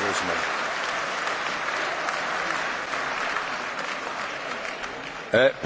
großen Dank. Eh,